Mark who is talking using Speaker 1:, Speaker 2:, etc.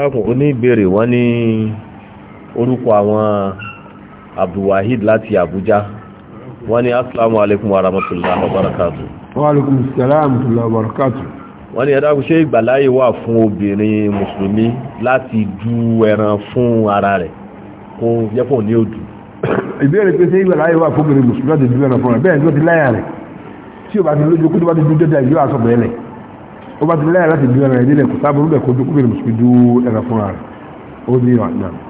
Speaker 1: káàkùn oníbèrè wọ́n ní orúkọ àwọn abdulwaheed láti abuja wọ́n ní asalaamu alaikum wa rahmatullahi wa barakatu
Speaker 2: wa alaikum salaam wa barakatu
Speaker 1: wọ́n ní ẹ̀dá kúṣe ìgbàláyè wà fún obìnrin mùsùlùmí
Speaker 3: láti du ẹran fún ara rẹ̀ kó yẹ́pọ̀ ní òdù ìbéèrè pé ṣe ìgbàláyè wà fún obìnrin mùsùlùmí láti du ẹran fún ara rẹ̀ bẹ́ẹ̀ ló ti láyà rẹ̀ tí ò bá ti lójú kó tó bá ti dúdú dẹ́dẹ́ ìlú ó bá ti láyà láti dúró ẹ̀rọ ìdílé kò sábà rúbẹ̀ kó dúkú bẹ̀rẹ̀ mùsùlùmí dúró
Speaker 4: ẹ̀rọ fúnra rẹ̀ ó ní ọ̀nà